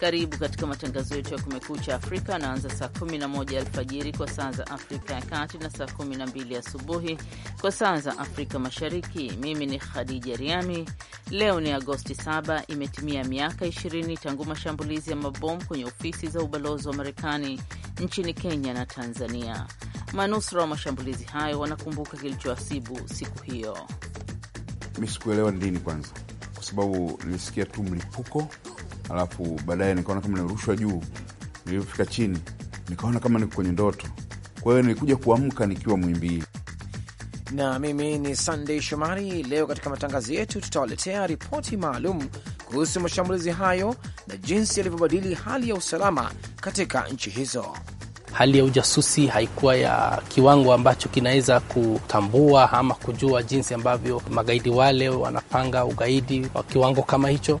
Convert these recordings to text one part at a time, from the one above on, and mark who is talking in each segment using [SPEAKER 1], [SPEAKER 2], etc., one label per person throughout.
[SPEAKER 1] Karibu katika matangazo yetu ya Kumekucha Afrika anaanza saa 11 alfajiri kwa saa za Afrika ya Kati na saa 12 asubuhi kwa saa za Afrika Mashariki. Mimi ni Khadija Riami. Leo ni Agosti 7, imetimia miaka 20 tangu mashambulizi ya mabomu kwenye ofisi za ubalozi wa Marekani nchini Kenya na Tanzania. Manusura wa mashambulizi hayo wanakumbuka kilichoasibu siku hiyo.
[SPEAKER 2] Mi sikuelewa ni lini kwanza, kwa sababu nilisikia tu mlipuko alafu baadaye nikaona kama nirushwa juu. Nilivyofika chini nikaona kama niko kwenye ndoto, kwa hiyo nilikuja kuamka nikiwa mwimbii
[SPEAKER 3] Na mimi ni Sandey Shomari. Leo katika matangazo yetu tutawaletea ripoti maalum kuhusu mashambulizi hayo na jinsi yalivyobadili hali ya usalama katika nchi hizo.
[SPEAKER 4] Hali ya ujasusi haikuwa ya kiwango ambacho kinaweza kutambua ama kujua jinsi ambavyo magaidi wale wanapanga ugaidi wa kiwango kama hicho.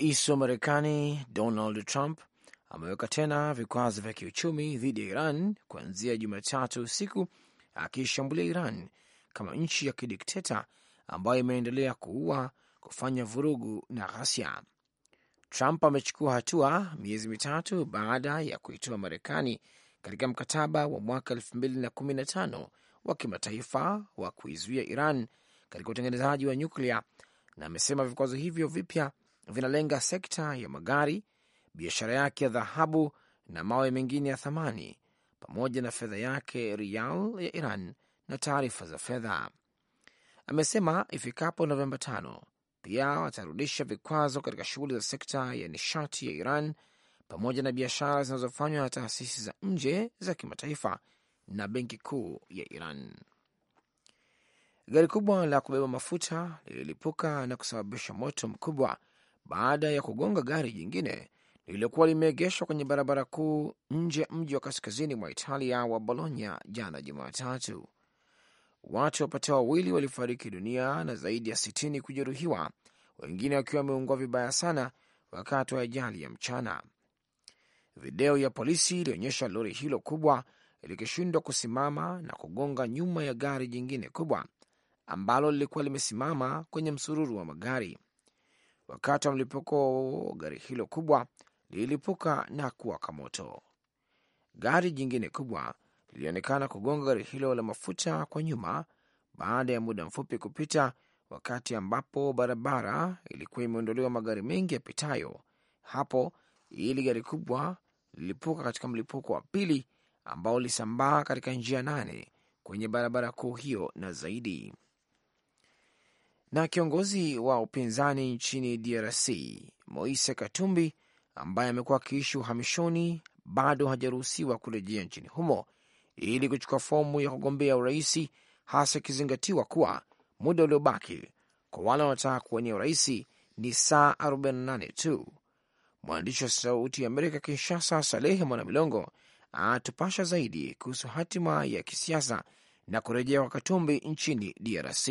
[SPEAKER 3] Rais wa Marekani Donald Trump ameweka tena vikwazo vya kiuchumi dhidi ya Iran kuanzia Jumatatu usiku, akiishambulia Iran kama nchi ya kidikteta ambayo imeendelea kuua, kufanya vurugu na ghasia. Trump amechukua hatua miezi mitatu baada ya kuitoa Marekani katika mkataba wa mwaka 2015 wa kimataifa wa kuizuia Iran katika utengenezaji wa nyuklia, na amesema vikwazo hivyo vipya vinalenga sekta ya magari, biashara yake ya dhahabu na mawe mengine ya thamani, pamoja na fedha yake rial ya Iran na taarifa za fedha. Amesema ifikapo Novemba tano pia watarudisha vikwazo katika shughuli za sekta ya nishati ya Iran pamoja na biashara zinazofanywa na taasisi za nje za kimataifa na benki kuu ya Iran. Gari kubwa la kubeba mafuta lililipuka na kusababisha moto mkubwa baada ya kugonga gari jingine lililokuwa limeegeshwa kwenye barabara kuu nje ya mji wa kaskazini mwa Italia wa Bologna jana Jumatatu. Watu wapatao wawili walifariki dunia na zaidi ya sitini kujeruhiwa, wengine wakiwa wameungua vibaya sana wakati wa ajali ya mchana. Video ya polisi ilionyesha lori hilo kubwa likishindwa kusimama na kugonga nyuma ya gari jingine kubwa ambalo lilikuwa limesimama kwenye msururu wa magari. Wakati wa mlipuko, gari hilo kubwa lililipuka na kuwaka moto. Gari jingine kubwa lilionekana kugonga gari hilo la mafuta kwa nyuma baada ya muda mfupi kupita, wakati ambapo barabara ilikuwa imeondolewa magari mengi yapitayo hapo. Ili gari kubwa lilipuka katika mlipuko wa pili ambao ulisambaa katika njia nane kwenye barabara kuu hiyo na zaidi na kiongozi wa upinzani nchini DRC Moise Katumbi ambaye amekuwa akiishi uhamishoni bado hajaruhusiwa kurejea nchini humo ili kuchukua fomu ya kugombea uraisi, hasa ikizingatiwa kuwa muda uliobaki kwa wale wanaotaka kuwania uraisi ni saa 48 tu. Mwandishi wa Sauti ya Amerika Kinshasa, Salehe Mwanamilongo atupasha zaidi kuhusu hatima ya kisiasa na kurejea kwa Katumbi nchini DRC.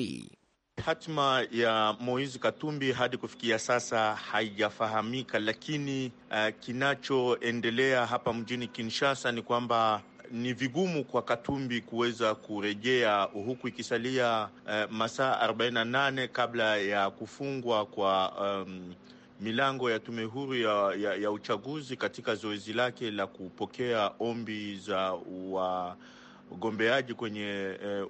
[SPEAKER 3] Hatima
[SPEAKER 2] ya Moise Katumbi hadi kufikia sasa haijafahamika, lakini uh, kinachoendelea hapa mjini Kinshasa ni kwamba ni vigumu kwa Katumbi kuweza kurejea huku ikisalia uh, masaa 48 kabla ya kufungwa kwa um, milango ya tume huru ya, ya, ya uchaguzi katika zoezi lake la kupokea ombi za wa ugombeaji kwenye eh,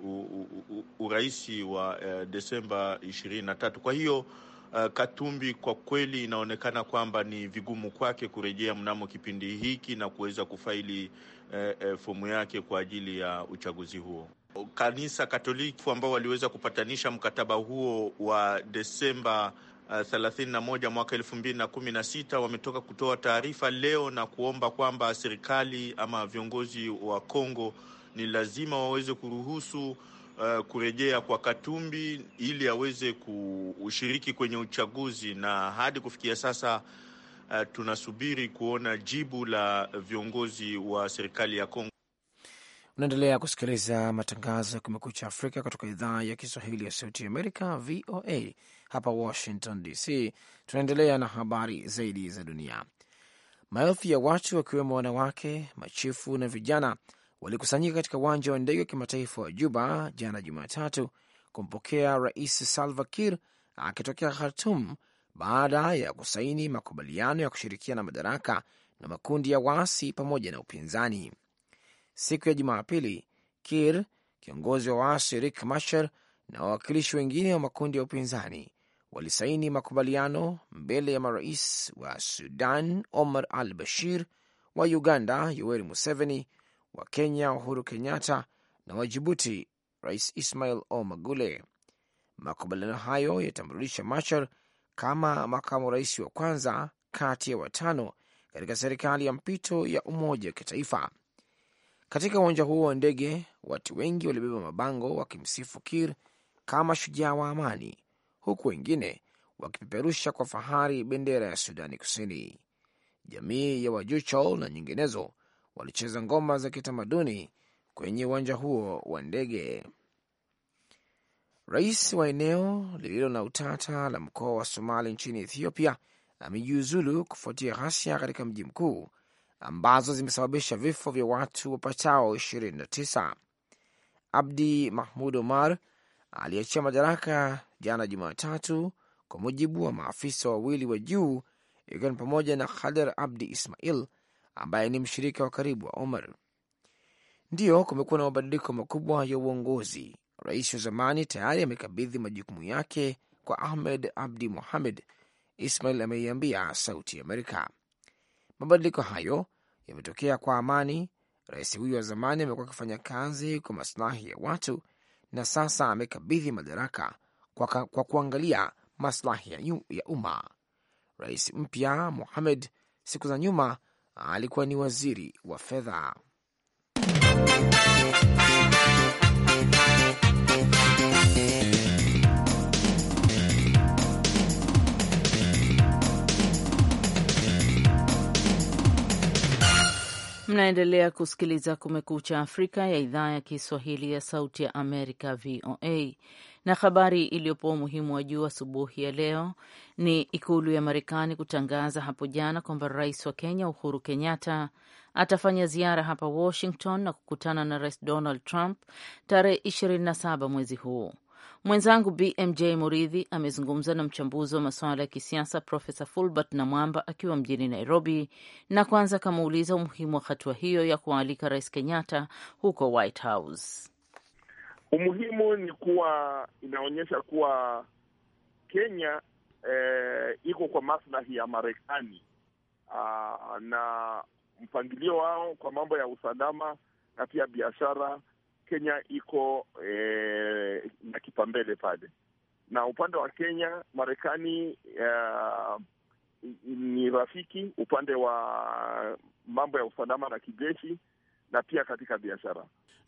[SPEAKER 2] uraisi wa eh, Desemba ishirini na tatu. Kwa hiyo Uh, Katumbi kwa kweli inaonekana kwamba ni vigumu kwake kurejea mnamo kipindi hiki na kuweza kufaili uh, uh, fomu yake kwa ajili ya uchaguzi huo. Kanisa Katoliki ambao waliweza kupatanisha mkataba huo wa Desemba uh, 31 mwaka 2016 wametoka kutoa taarifa leo na kuomba kwamba serikali ama viongozi wa Kongo ni lazima waweze kuruhusu uh, kurejea kwa Katumbi ili aweze kushiriki kwenye uchaguzi, na hadi kufikia sasa uh, tunasubiri kuona jibu la viongozi wa serikali ya Kongo.
[SPEAKER 3] Unaendelea kusikiliza matangazo ya Kumekucha Afrika kutoka idhaa ya Kiswahili ya Sauti Amerika, VOA hapa Washington DC. Tunaendelea na habari zaidi za dunia. Maelfu ya watu wakiwemo wanawake, machifu na vijana walikusanyika katika uwanja wa ndege wa kimataifa wa Juba jana Jumatatu kumpokea Rais Salva Kiir akitokea Khartum baada ya kusaini makubaliano ya kushirikiana madaraka na makundi ya waasi pamoja na upinzani. Siku ya Jumapili, Kir, kiongozi wa waasi Rik Machar na wawakilishi wengine wa makundi ya upinzani walisaini makubaliano mbele ya marais wa Sudan Omar al Bashir, wa Uganda Yoweri Museveni wa Kenya Uhuru Kenyatta na wa Jibuti Rais Ismail Omar Gule. Makubaliano hayo yatamrudisha Machar kama makamu rais wa kwanza kati ya watano katika serikali ya mpito ya umoja wa kitaifa. Katika uwanja huo wa ndege, watu wengi walibeba mabango wakimsifu Kir kama shujaa wa amani, huku wengine wakipeperusha kwa fahari bendera ya Sudani Kusini. Jamii ya Wajuchol na nyinginezo walicheza ngoma za kitamaduni kwenye uwanja huo wa ndege. Rais wa eneo lililo na utata la mkoa wa Somali nchini Ethiopia amejiuzulu kufuatia ghasia katika mji mkuu ambazo zimesababisha vifo vya watu wapatao 29. Abdi Mahmud Omar aliachia madaraka jana Jumatatu, kwa mujibu wa maafisa wawili wa juu, ikiwa ni pamoja na Khader Abdi Ismail ambaye ni mshirika wa karibu wa Omar. Ndiyo, kumekuwa na mabadiliko makubwa ya uongozi. Rais wa zamani tayari amekabidhi majukumu yake kwa Ahmed Abdi Mohamed, Ismail ameiambia Sauti Amerika. Mabadiliko hayo yametokea kwa amani. Rais huyo wa zamani amekuwa akifanya kazi kwa masilahi ya watu na sasa amekabidhi madaraka kwa, kwa kuangalia maslahi ya umma. Rais mpya Mohamed siku za nyuma alikuwa ni waziri wa fedha.
[SPEAKER 1] Mnaendelea kusikiliza Kumekucha Afrika ya idhaa ya Kiswahili ya Sauti ya Amerika, VOA. Na habari iliyopo umuhimu wa juu asubuhi ya leo ni ikulu ya Marekani kutangaza hapo jana kwamba rais wa Kenya Uhuru Kenyatta atafanya ziara hapa Washington na kukutana na rais Donald Trump tarehe 27 mwezi huu. Mwenzangu BMJ Muridhi amezungumza na mchambuzi wa masuala ya kisiasa Profesa Fulbert Namwamba akiwa mjini Nairobi, na kwanza akamuuliza umuhimu wa hatua hiyo ya kuwaalika rais Kenyatta huko White House.
[SPEAKER 5] Umuhimu ni kuwa inaonyesha kuwa Kenya eh, iko kwa maslahi ya Marekani ah, na mpangilio wao kwa mambo ya usalama na pia biashara, Kenya iko eh, na kipambele pale, na upande wa Kenya Marekani eh, ni rafiki upande wa mambo ya usalama na kijeshi na pia katika biashara.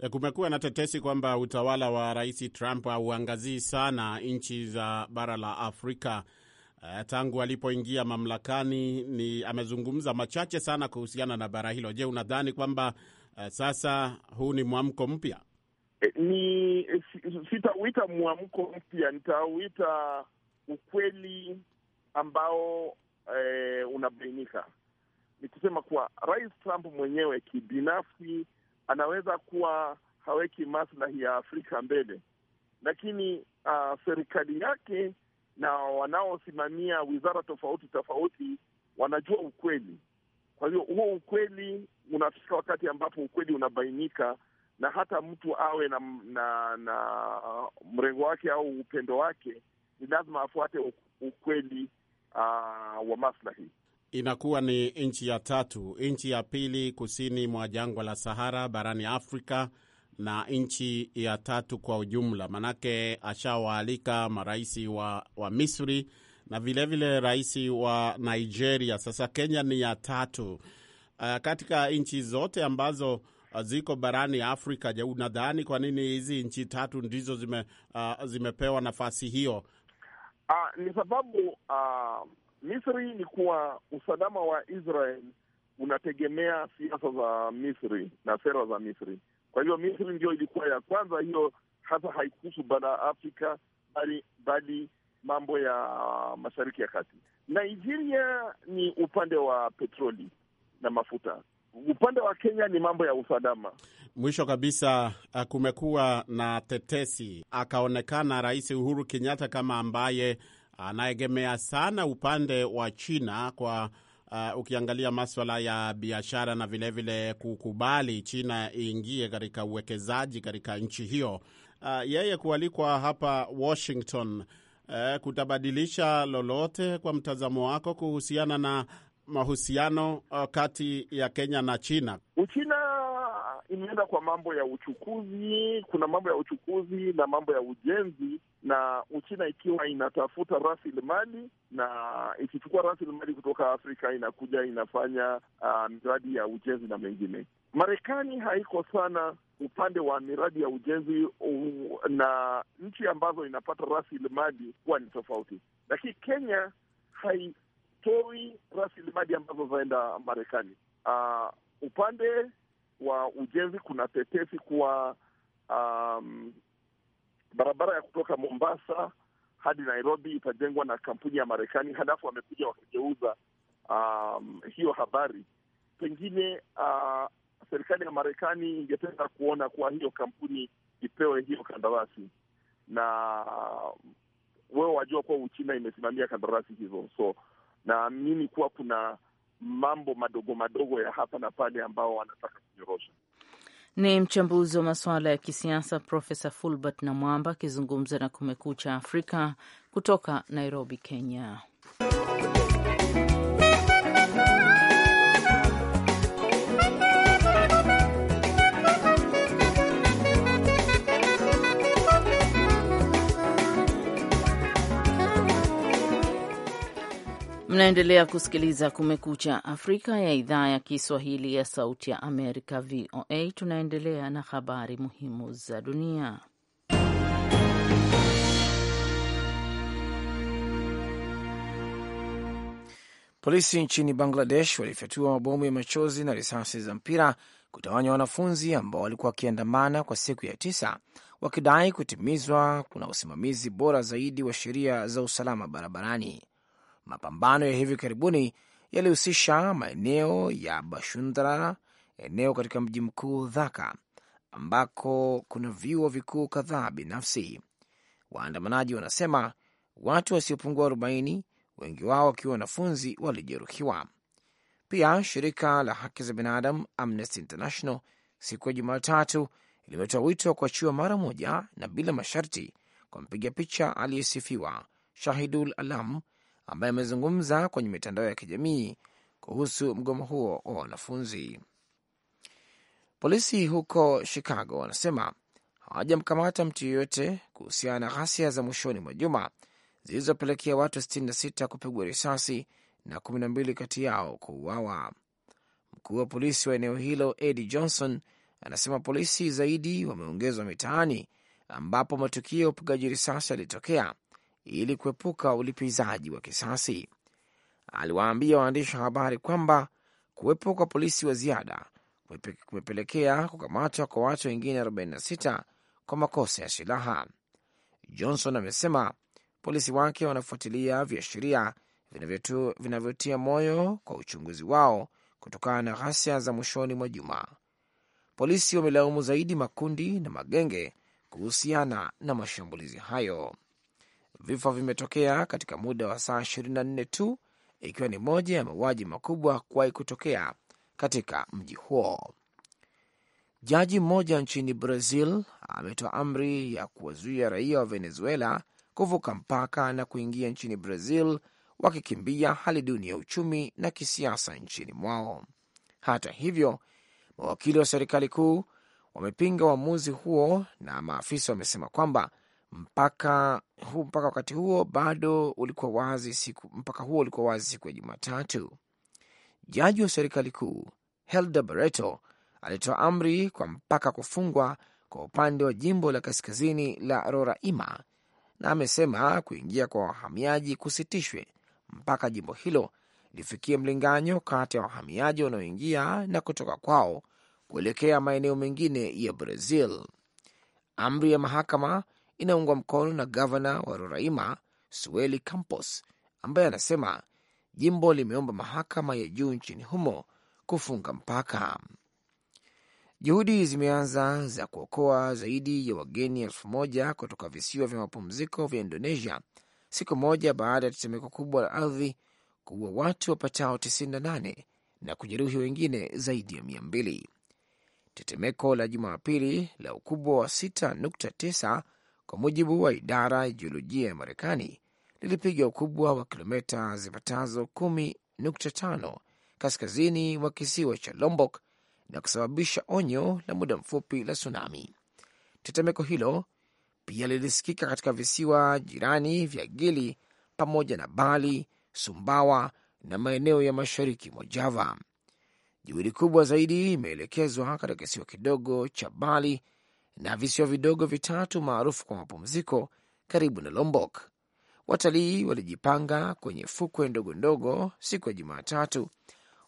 [SPEAKER 6] Eh, kumekuwa na tetesi kwamba utawala wa Rais Trump hauangazii sana nchi za bara la Afrika. Eh, tangu alipoingia mamlakani ni amezungumza machache sana kuhusiana na bara hilo. Je, unadhani kwamba eh, sasa huu ni mwamko mpya?
[SPEAKER 5] Ni sitauita mwamko mpya, nitauita ukweli ambao eh, unabainika. Ni kusema kuwa Rais Trump mwenyewe kibinafsi anaweza kuwa haweki maslahi ya Afrika mbele, lakini uh, serikali yake na wanaosimamia wizara tofauti tofauti wanajua ukweli. Kwa hiyo huo ukweli unafika wakati ambapo ukweli unabainika, na hata mtu awe na na, na mrengo wake au upendo wake, ni lazima afuate ukweli uh, wa maslahi
[SPEAKER 6] inakuwa ni nchi ya tatu, nchi ya pili kusini mwa jangwa la Sahara barani Afrika na nchi ya tatu kwa ujumla, manake ashawaalika marais wa, wa Misri na vilevile rais wa Nigeria. Sasa Kenya ni ya tatu uh, katika nchi zote ambazo uh, ziko barani Afrika. Je, unadhani kwa nini hizi nchi tatu ndizo zime, uh, zimepewa nafasi hiyo?
[SPEAKER 5] Uh, ni sababu uh, Misri ni kuwa usalama wa Israel unategemea siasa za Misri na sera za Misri. Kwa hivyo Misri ndio ilikuwa ya kwanza, hiyo hasa haikuhusu bara ya Afrika bali bali mambo ya mashariki ya kati. Nigeria ni upande wa petroli na mafuta, upande wa Kenya ni mambo ya usalama.
[SPEAKER 6] Mwisho kabisa, eh, kumekuwa na tetesi, akaonekana Rais Uhuru Kenyatta kama ambaye anaegemea sana upande wa China kwa uh, ukiangalia maswala ya biashara na vilevile vile kukubali China iingie katika uwekezaji katika nchi hiyo. Uh, yeye kualikwa hapa Washington uh, kutabadilisha lolote kwa mtazamo wako kuhusiana na mahusiano uh, kati ya Kenya na China?
[SPEAKER 5] Uchina imeenda kwa mambo ya uchukuzi. Kuna mambo ya uchukuzi na mambo ya ujenzi, na Uchina ikiwa inatafuta rasilimali na ikichukua rasilimali kutoka Afrika inakuja inafanya uh, miradi ya ujenzi na mengine. Marekani haiko sana upande wa miradi ya ujenzi uh, na nchi ambazo inapata rasilimali huwa ni tofauti, lakini Kenya haitoi rasilimali ambazo zaenda Marekani. Uh, upande wa ujenzi kuna tetesi kuwa um, barabara ya kutoka Mombasa hadi Nairobi itajengwa na kampuni ya Marekani. Halafu wamekuja wakigeuza um, hiyo habari. Pengine uh, serikali ya Marekani ingependa kuona kuwa hiyo kampuni ipewe hiyo kandarasi, na wewe wajua kuwa Uchina imesimamia kandarasi hizo, so naamini kuwa kuna mambo madogo madogo ya hapa na pale ambao wanataka kunyorosha.
[SPEAKER 1] Ni mchambuzi wa masuala ya kisiasa Profesa Fulbert Namwamba akizungumza na Kumekucha Afrika kutoka Nairobi, Kenya. Mnaendelea kusikiliza Kumekucha Afrika ya idhaa ya Kiswahili ya Sauti ya Amerika, VOA. Tunaendelea na habari muhimu za dunia.
[SPEAKER 3] Polisi nchini Bangladesh walifyatua mabomu ya machozi na risasi za mpira kutawanya wanafunzi ambao walikuwa wakiandamana kwa siku ya tisa wakidai kutimizwa kuna usimamizi bora zaidi wa sheria za usalama barabarani. Mapambano ya hivi karibuni yalihusisha maeneo ya bashundra eneo katika mji mkuu Dhaka ambako kuna vyuo vikuu kadhaa binafsi. Waandamanaji wanasema watu wasiopungua 40 wengi wao wakiwa wanafunzi walijeruhiwa. Pia shirika la haki za binadamu Amnesty International siku ya Jumatatu limetoa wito wa kuachiwa mara moja na bila masharti kwa mpiga picha aliyesifiwa Shahidul Alam ambaye amezungumza kwenye mitandao ya kijamii kuhusu mgomo huo wa wanafunzi. Polisi huko Chicago wanasema hawajamkamata mtu yeyote kuhusiana na ghasia za mwishoni mwa juma zilizopelekea watu 66 kupigwa risasi na 12 kati yao kuuawa. Mkuu wa polisi wa eneo hilo Eddie Johnson anasema polisi zaidi wameongezwa mitaani ambapo matukio ya upigaji risasi yalitokea ili kuepuka ulipizaji wa kisasi. Aliwaambia waandishi wa habari kwamba kuwepo kwa polisi wa ziada kumepelekea kukamatwa kwa watu wengine 46 kwa makosa ya silaha. Johnson amesema polisi wake wanafuatilia viashiria vinavyotia moyo kwa uchunguzi wao kutokana na ghasia za mwishoni mwa juma. Polisi wamelaumu zaidi makundi na magenge kuhusiana na mashambulizi hayo. Vifo vimetokea katika muda wa saa 24 tu, ikiwa ni moja ya mauaji makubwa kuwahi kutokea katika mji huo. Jaji mmoja nchini Brazil ametoa amri ya kuwazuia raia wa Venezuela kuvuka mpaka na kuingia nchini Brazil wakikimbia hali duni ya uchumi na kisiasa nchini mwao. Hata hivyo, mawakili wa serikali kuu wamepinga uamuzi huo na maafisa wamesema kwamba mpaka, hu, mpaka wakati huo bado ulikuwa wazi siku, mpaka huo ulikuwa wazi siku ya Jumatatu. Jaji wa serikali kuu Helda Barreto alitoa amri kwa mpaka kufungwa kwa upande wa jimbo la kaskazini la Roraima na amesema kuingia kwa wahamiaji kusitishwe mpaka jimbo hilo lifikie mlinganyo kati ya wahamiaji wanaoingia na kutoka kwao kuelekea maeneo mengine ya Brazil. Amri ya mahakama inaungwa mkono na gavana wa Roraima Sueli Campos ambaye anasema jimbo limeomba mahakama ya juu nchini humo kufunga mpaka. Juhudi zimeanza za kuokoa zaidi ya wageni elfu moja kutoka visiwa vya mapumziko vya Indonesia siku moja baada ya tetemeko kubwa la ardhi kuua watu wapatao 98 na kujeruhi wengine zaidi ya mia mbili. Tetemeko la Jumapili la ukubwa wa 6.9 kwa mujibu wa idara ya jiolojia ya Marekani, lilipiga ukubwa wa kilomita zipatazo 10.5 kaskazini mwa kisiwa cha Lombok na kusababisha onyo la muda mfupi la tsunami. Tetemeko hilo pia lilisikika katika visiwa jirani vya Gili pamoja na Bali, Sumbawa na maeneo ya mashariki mwa Java. Juhudi kubwa zaidi imeelekezwa katika kisiwa kidogo cha Bali na visiwa vidogo vitatu maarufu kwa mapumziko karibu na Lombok. Watalii walijipanga kwenye fukwe ndogo ndogo siku ya Jumatatu,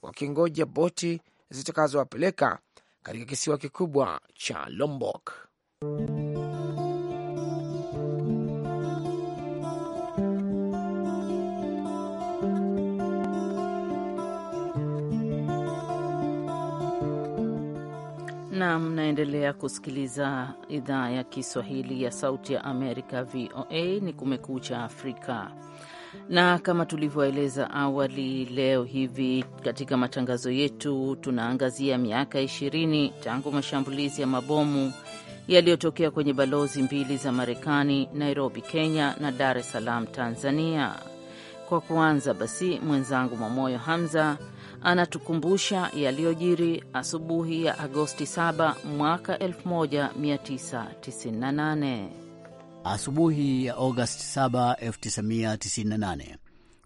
[SPEAKER 3] wakingoja boti zitakazowapeleka katika kisiwa kikubwa cha Lombok.
[SPEAKER 1] na mnaendelea kusikiliza idhaa ya Kiswahili ya Sauti ya Amerika, VOA ni Kumekucha Afrika. Na kama tulivyoeleza awali, leo hivi katika matangazo yetu tunaangazia miaka ishirini tangu mashambulizi ya mabomu yaliyotokea kwenye balozi mbili za Marekani, Nairobi Kenya na Dar es Salaam Tanzania. Kwa kuanza basi, mwenzangu Mwamoyo Hamza anatukumbusha yaliyojiri asubuhi ya Agosti 7 mwaka 1998.
[SPEAKER 7] Asubuhi ya Agosti 7, 1998,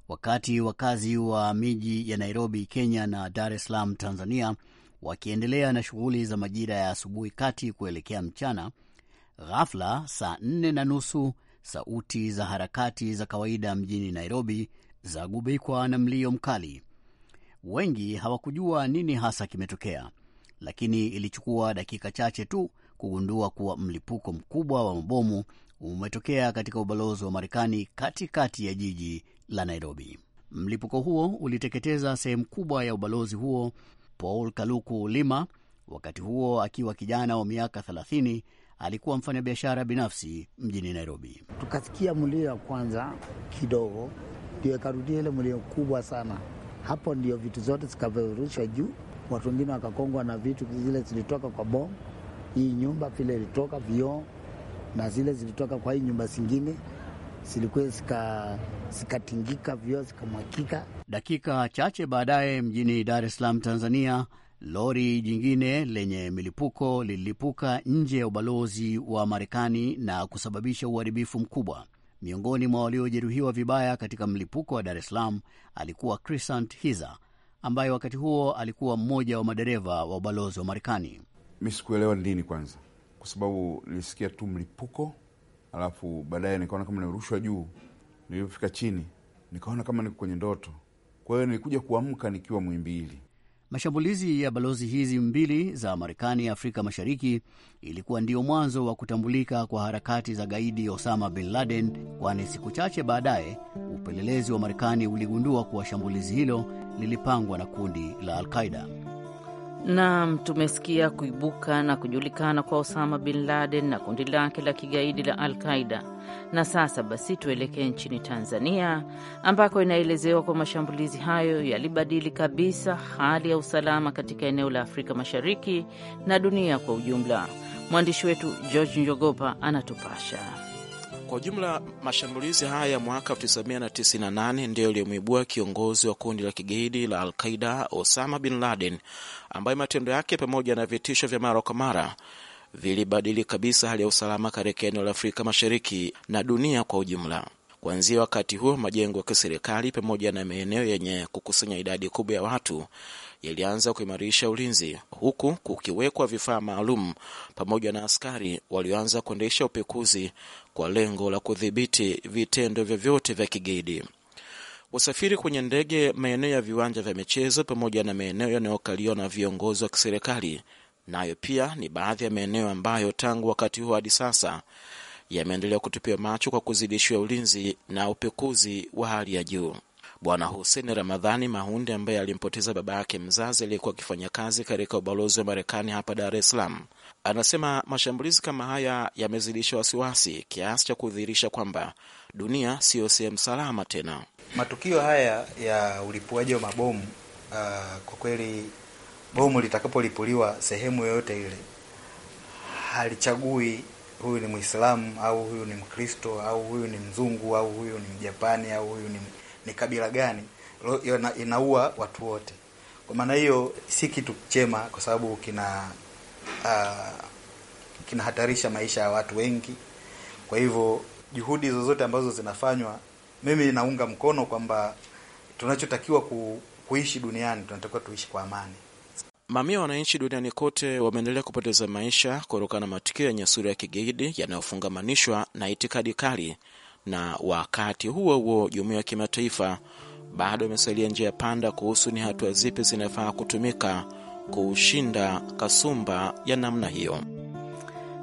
[SPEAKER 7] wakati wakazi wa miji ya Nairobi, Kenya na Dar es Salaam, Tanzania wakiendelea na shughuli za majira ya asubuhi kati kuelekea mchana, ghafla saa nne na nusu sauti za harakati za kawaida mjini Nairobi zagubikwa na mlio mkali Wengi hawakujua nini hasa kimetokea, lakini ilichukua dakika chache tu kugundua kuwa mlipuko mkubwa wa mabomu umetokea katika ubalozi wa Marekani katikati ya jiji la Nairobi. Mlipuko huo uliteketeza sehemu kubwa ya ubalozi huo. Paul Kaluku Lima, wakati huo akiwa kijana wa miaka 30, alikuwa mfanyabiashara binafsi mjini Nairobi. Tukasikia mlio ya kwanza kidogo, ndio ikarudia ile mlio kubwa sana hapo ndio vitu zote zikaverushwa juu, watu wengine wakakongwa na vitu zile zilitoka kwa bomu, hii nyumba vile ilitoka vioo na zile zilitoka kwa hii nyumba zingine zilikuwa zikatingika vioo zikamwakika. Dakika chache baadaye mjini Dar es Salaam, Tanzania, lori jingine lenye milipuko lililipuka nje ya ubalozi wa Marekani na kusababisha uharibifu mkubwa. Miongoni mwa waliojeruhiwa vibaya katika mlipuko wa Dar es Salaam alikuwa Crisant Hiza ambaye wakati huo alikuwa mmoja wa madereva wa ubalozi wa Marekani. Mi sikuelewa nini kwanza,
[SPEAKER 2] kwa sababu nilisikia tu mlipuko, alafu baadaye nikaona kama nimerushwa juu. nilivyofika
[SPEAKER 7] chini nikaona kama niko kwenye ndoto, kwa hiyo nilikuja kuamka nikiwa mwimbili. Mashambulizi ya balozi hizi mbili za Marekani Afrika Mashariki ilikuwa ndio mwanzo wa kutambulika kwa harakati za gaidi Osama bin Laden, kwani siku chache baadaye upelelezi wa Marekani uligundua kuwa shambulizi hilo lilipangwa na kundi la alqaida
[SPEAKER 1] Naam, tumesikia kuibuka na kujulikana kwa Osama bin Laden na kundi lake la kigaidi la Al Qaida. Na sasa basi, tuelekee nchini Tanzania ambako inaelezewa kwa mashambulizi hayo yalibadili kabisa hali ya usalama katika eneo la Afrika Mashariki na dunia kwa ujumla. Mwandishi wetu George Njogopa anatupasha.
[SPEAKER 8] Kwa ujumla, mashambulizi haya ya mwaka 1998 ndiyo yaliyomwibua kiongozi wa kundi la kigaidi la Al-Qaida Osama bin Laden, ambaye matendo yake pamoja na vitisho vya mara kwa mara vilibadili kabisa hali ya usalama katika eneo la Afrika Mashariki na dunia kwa ujumla. Kuanzia wakati huo, majengo ya kiserikali pamoja na maeneo yenye kukusanya idadi kubwa ya watu yalianza kuimarisha ulinzi, huku kukiwekwa vifaa maalum pamoja na askari walioanza kuendesha upekuzi kwa lengo la kudhibiti vitendo vyovyote vya kigaidi. Wasafiri kwenye ndege, maeneo ya viwanja vya michezo, pamoja na maeneo yanayokaliwa na viongozi wa kiserikali, nayo pia ni baadhi ya maeneo ambayo tangu wakati huo hadi sasa yameendelea kutupiwa macho kwa kuzidishiwa ulinzi na upekuzi wa hali ya juu. Bwana Hussein Ramadhani mahundi ambaye alimpoteza baba yake mzazi aliyekuwa akifanya kazi katika ubalozi wa Marekani hapa Dar es Salaam, anasema mashambulizi kama haya yamezidisha wasiwasi kiasi cha kudhihirisha kwamba dunia siyo sehemu salama tena.
[SPEAKER 2] Matukio haya ya ulipuaji wa mabomu uh, kwa kweli bomu litakapolipuliwa sehemu yoyote ile halichagui huyu ni Mwislamu au huyu ni Mkristo au huyu ni mzungu au huyu ni Mjapani au huyu ni ni kabila gani inaua watu wote. Kwa maana hiyo si kitu chema, kwa sababu kina uh, kinahatarisha maisha ya watu wengi. Kwa hivyo juhudi zozote ambazo zinafanywa, mimi naunga mkono kwamba tunachotakiwa ku, kuishi duniani tunatakiwa tuishi kwa amani.
[SPEAKER 8] Mamia wananchi duniani kote wameendelea kupoteza maisha kutokana na matukio ya sura ya kigaidi yanayofungamanishwa na itikadi kali na wakati huo huo jumuiya ya kimataifa bado imesalia njia ya panda kuhusu ni hatua zipi zinafaa kutumika kuushinda kasumba ya namna hiyo.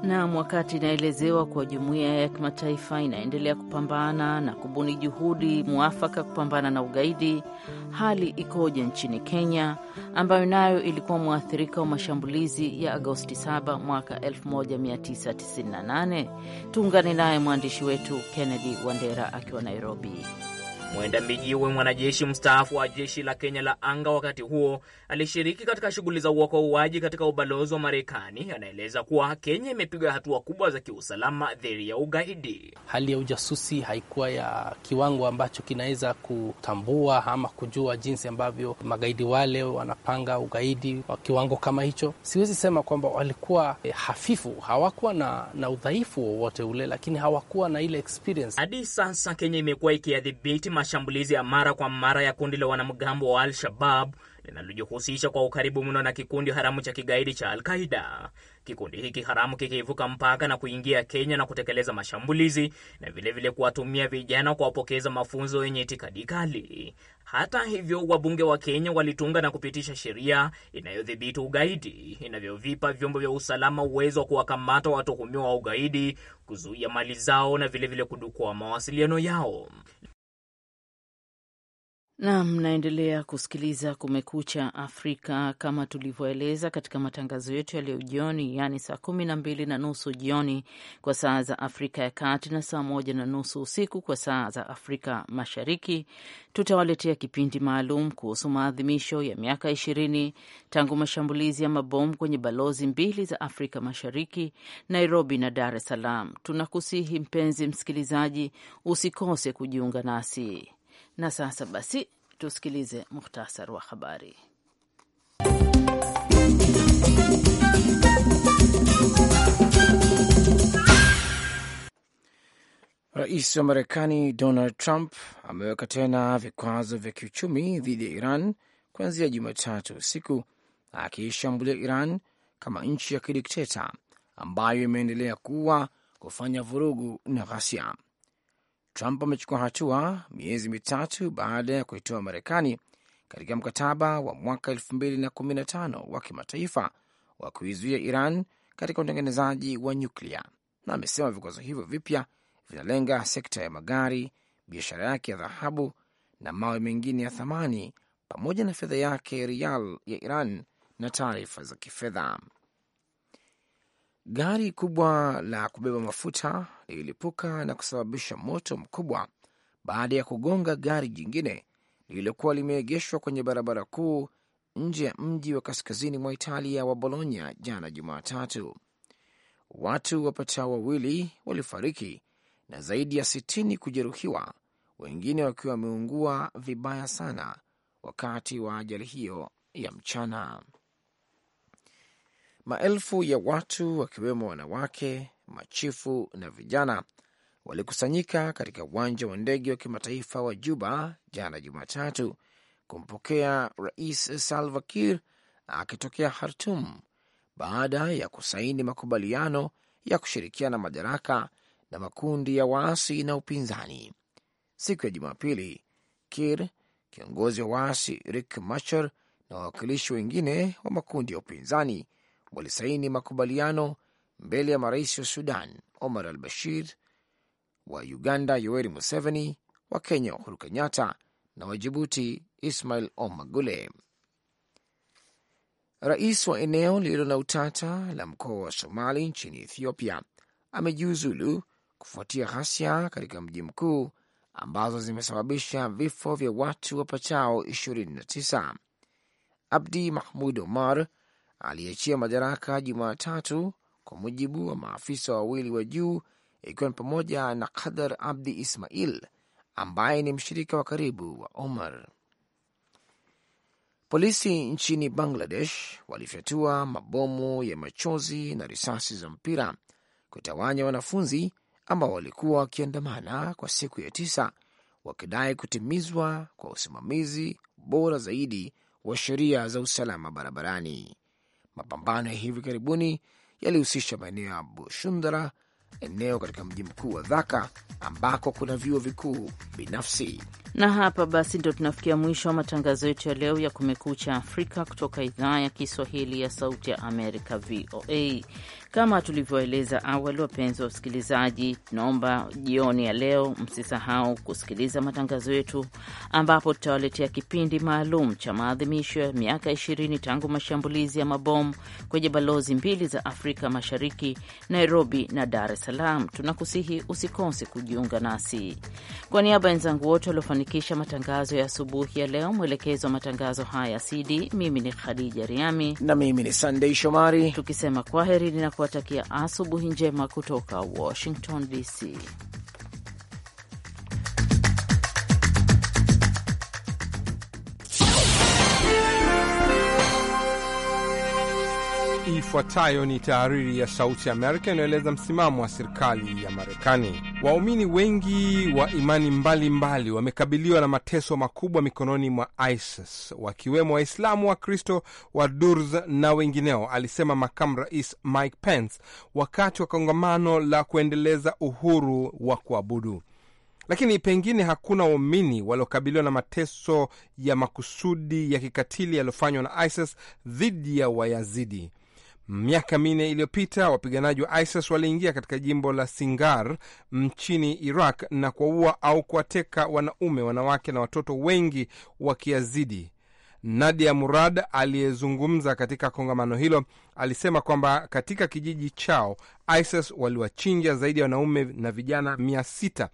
[SPEAKER 1] Nam, wakati inaelezewa kuwa jumuiya ya kimataifa inaendelea kupambana na kubuni juhudi mwafaka kupambana na ugaidi, hali ikoje nchini Kenya ambayo nayo ilikuwa mwathirika wa mashambulizi ya Agosti 7 mwaka 1998? Tuungane naye mwandishi wetu Kennedy Wandera akiwa Nairobi.
[SPEAKER 8] Mwenda Mbijiwe, mwanajeshi mstaafu wa jeshi la Kenya la anga, wakati huo alishiriki katika shughuli za uokoaji katika ubalozi wa Marekani, anaeleza kuwa Kenya imepiga hatua kubwa za kiusalama dhidi ya ugaidi.
[SPEAKER 4] Hali ya ujasusi haikuwa ya kiwango ambacho kinaweza kutambua ama kujua jinsi ambavyo magaidi wale wanapanga ugaidi wa kiwango kama hicho. Siwezi sema kwamba walikuwa eh, hafifu, hawakuwa na, na udhaifu wowote ule, lakini hawakuwa na ile experience.
[SPEAKER 8] Hadi sasa Kenya imekuwa ikiadhibiti mashambulizi ya mara kwa mara ya kundi la wanamgambo wa Al-Shabab linalojihusisha kwa ukaribu mno na kikundi haramu cha kigaidi cha Al-Qaida. Kikundi hiki haramu kikivuka mpaka na kuingia Kenya na kutekeleza mashambulizi na vilevile kuwatumia vijana kuwapokeza mafunzo yenye itikadi kali. Hata hivyo, wabunge wa Kenya walitunga na kupitisha sheria inayodhibiti ugaidi inavyovipa vyombo vya usalama uwezo wa kuwakamata watuhumiwa wa ugaidi, kuzuia mali zao na vilevile kudukua mawasiliano
[SPEAKER 1] yao nam naendelea kusikiliza Kumekucha Afrika kama tulivyoeleza katika matangazo yetu ya leo jioni, yaani saa kumi na mbili na nusu jioni kwa saa za Afrika ya Kati na saa moja na nusu usiku kwa saa za Afrika Mashariki. Tutawaletea kipindi maalum kuhusu maadhimisho ya miaka ishirini tangu mashambulizi ya mabomu kwenye balozi mbili za Afrika Mashariki, Nairobi na Dar es Salaam. Tunakusihi mpenzi msikilizaji, usikose kujiunga nasi. Na sasa basi tusikilize muhtasari wa habari.
[SPEAKER 3] Rais wa Marekani Donald Trump ameweka tena vikwazo vya kiuchumi dhidi ya Iran kuanzia Jumatatu usiku, akiishambulia Iran kama nchi ya kidikteta ambayo imeendelea kuwa kufanya vurugu na ghasia. Trump amechukua hatua miezi mitatu baada ya kuitoa Marekani katika mkataba wa mwaka 2015 wa kimataifa wa kuizuia Iran katika utengenezaji wa nyuklia, na amesema vikwazo hivyo vipya vinalenga sekta ya magari, biashara yake ya dhahabu na mawe mengine ya thamani, pamoja na fedha yake rial ya Iran na taarifa za kifedha. Gari kubwa la kubeba mafuta lililipuka na kusababisha moto mkubwa baada ya kugonga gari jingine lililokuwa limeegeshwa kwenye barabara kuu nje ya mji wa kaskazini mwa Italia wa Bologna jana Jumatatu. Watu wapatao wawili walifariki na zaidi ya sitini kujeruhiwa, wengine wakiwa wameungua vibaya sana wakati wa ajali hiyo ya mchana. Maelfu ya watu wakiwemo wanawake, machifu na vijana walikusanyika katika uwanja wa ndege wa kimataifa wa Juba jana Jumatatu kumpokea Rais Salva Kiir akitokea Khartum baada ya kusaini makubaliano ya kushirikiana madaraka na makundi ya waasi na upinzani. Siku ya Jumapili, Kir, kiongozi wa waasi rik Machar na wawakilishi wengine wa makundi ya upinzani walisaini makubaliano mbele ya marais wa Sudan Omar al Bashir, wa Uganda Yoweri Museveni, wa Kenya Uhuru Kenyatta na wa Jibuti Ismail Omar Gule. Rais wa eneo lililo na utata la mkoa wa Somali nchini Ethiopia amejiuzulu kufuatia ghasia katika mji mkuu ambazo zimesababisha vifo vya watu wapatao 29. Abdi Mahmud Omar aliachia madaraka Jumatatu, kwa mujibu wa maafisa wawili wa juu, ikiwa ni pamoja na Qadar Abdi Ismail ambaye ni mshirika wa karibu wa Omar. Polisi nchini Bangladesh walifyatua mabomu ya machozi na risasi za mpira kutawanya wanafunzi ambao walikuwa wakiandamana kwa siku ya tisa wakidai kutimizwa kwa usimamizi bora zaidi wa sheria za usalama barabarani. Mapambano ya hivi karibuni yalihusisha maeneo ya Bushundara, eneo katika mji mkuu wa Dhaka ambako kuna vyuo vikuu binafsi.
[SPEAKER 1] Na hapa basi ndo tunafikia mwisho wa matangazo yetu ya leo ya Kumekucha Afrika kutoka idhaa ya Kiswahili ya Sauti ya Amerika, VOA. Kama tulivyoeleza awali, wapenzi wa usikilizaji, tunaomba jioni ya leo msisahau kusikiliza matangazo yetu, ambapo tutawaletea kipindi maalum cha maadhimisho ya miaka ishirini tangu mashambulizi ya mabomu kwenye balozi mbili za Afrika Mashariki, Nairobi na Dar es Salaam. Tunakusihi usikose kujiunga nasi. Kwa niaba ya wenzangu wote waliofanikisha matangazo ya asubuhi ya leo, mwelekezo wa matangazo haya CD, mimi ni Khadija Riami na mimi ni Sandei Shomari, tukisema kwaheri na kwa kuwatakia asubuhi njema kutoka Washington DC.
[SPEAKER 4] Ifuatayo ni tahariri ya Sauti ya Amerika inayoeleza msimamo wa serikali ya Marekani. Waumini wengi wa imani mbalimbali wamekabiliwa na mateso makubwa mikononi mwa ISIS, wakiwemo Waislamu, Wakristo, Durs na wengineo, alisema makamu rais Mike Pence wakati wa kongamano la kuendeleza uhuru wa kuabudu. Lakini pengine hakuna waumini waliokabiliwa na mateso ya makusudi ya kikatili yaliyofanywa na ISIS dhidi ya Wayazidi. Miaka minne iliyopita wapiganaji wa ISIS waliingia katika jimbo la Singar nchini Iraq na kuwaua au kuwateka wanaume, wanawake na watoto wengi wa Kiazidi. Nadia Murad aliyezungumza katika kongamano hilo alisema kwamba katika kijiji chao ISIS waliwachinja zaidi ya wanaume na vijana mia sita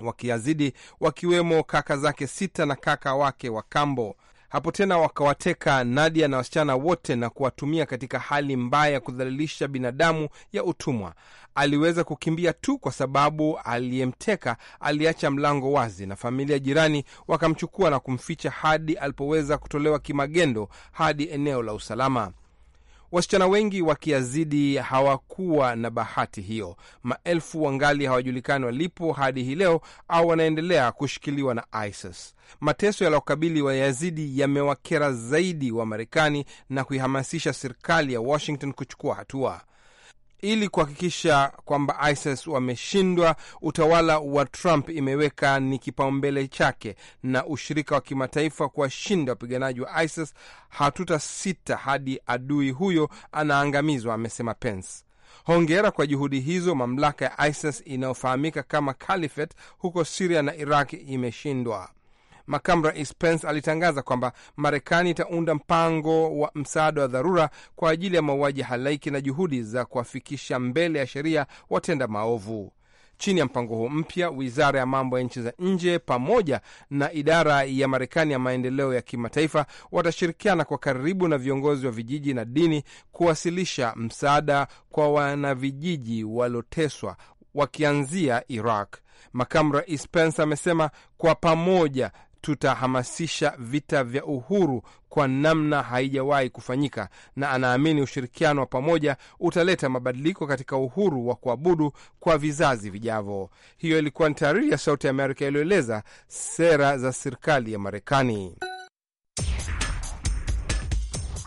[SPEAKER 4] wa Kiazidi, wakiwemo kaka zake sita na kaka wake wa kambo. Hapo tena wakawateka Nadia na wasichana wote na kuwatumia katika hali mbaya ya kudhalilisha binadamu ya utumwa. Aliweza kukimbia tu kwa sababu aliyemteka aliacha mlango wazi, na familia jirani wakamchukua na kumficha hadi alipoweza kutolewa kimagendo hadi eneo la usalama. Wasichana wengi wa Kiazidi hawakuwa na bahati hiyo. Maelfu wangali hawajulikani walipo hadi hii leo, au wanaendelea kushikiliwa na ISIS. Mateso wa Wayazidi yamewakera zaidi wa Marekani na kuihamasisha serikali ya Washington kuchukua hatua ili kuhakikisha kwamba ISIS wameshindwa, utawala wa Trump imeweka ni kipaumbele chake na ushirika wa kimataifa kuwashinda wapiganaji wa ISIS. hatuta sita hadi adui huyo anaangamizwa, amesema Pence. Hongera kwa juhudi hizo. Mamlaka ya ISIS inayofahamika kama Caliphate huko Siria na Iraq imeshindwa makamu rais Pence alitangaza kwamba Marekani itaunda mpango wa msaada wa dharura kwa ajili ya mauaji halaiki na juhudi za kuwafikisha mbele ya sheria watenda maovu. Chini ya mpango huo mpya, wizara ya mambo ya nchi za nje pamoja na idara ya Marekani ya maendeleo ya kimataifa watashirikiana kwa karibu na viongozi wa vijiji na dini kuwasilisha msaada kwa wanavijiji walioteswa, wakianzia Iraq. Makamu Rais Pence amesema kwa pamoja tutahamasisha vita vya uhuru kwa namna haijawahi kufanyika, na anaamini ushirikiano wa pamoja utaleta mabadiliko katika uhuru wa kuabudu kwa vizazi vijavyo. Hiyo ilikuwa ni tahariri ya Sauti ya Amerika iliyoeleza sera za serikali ya Marekani.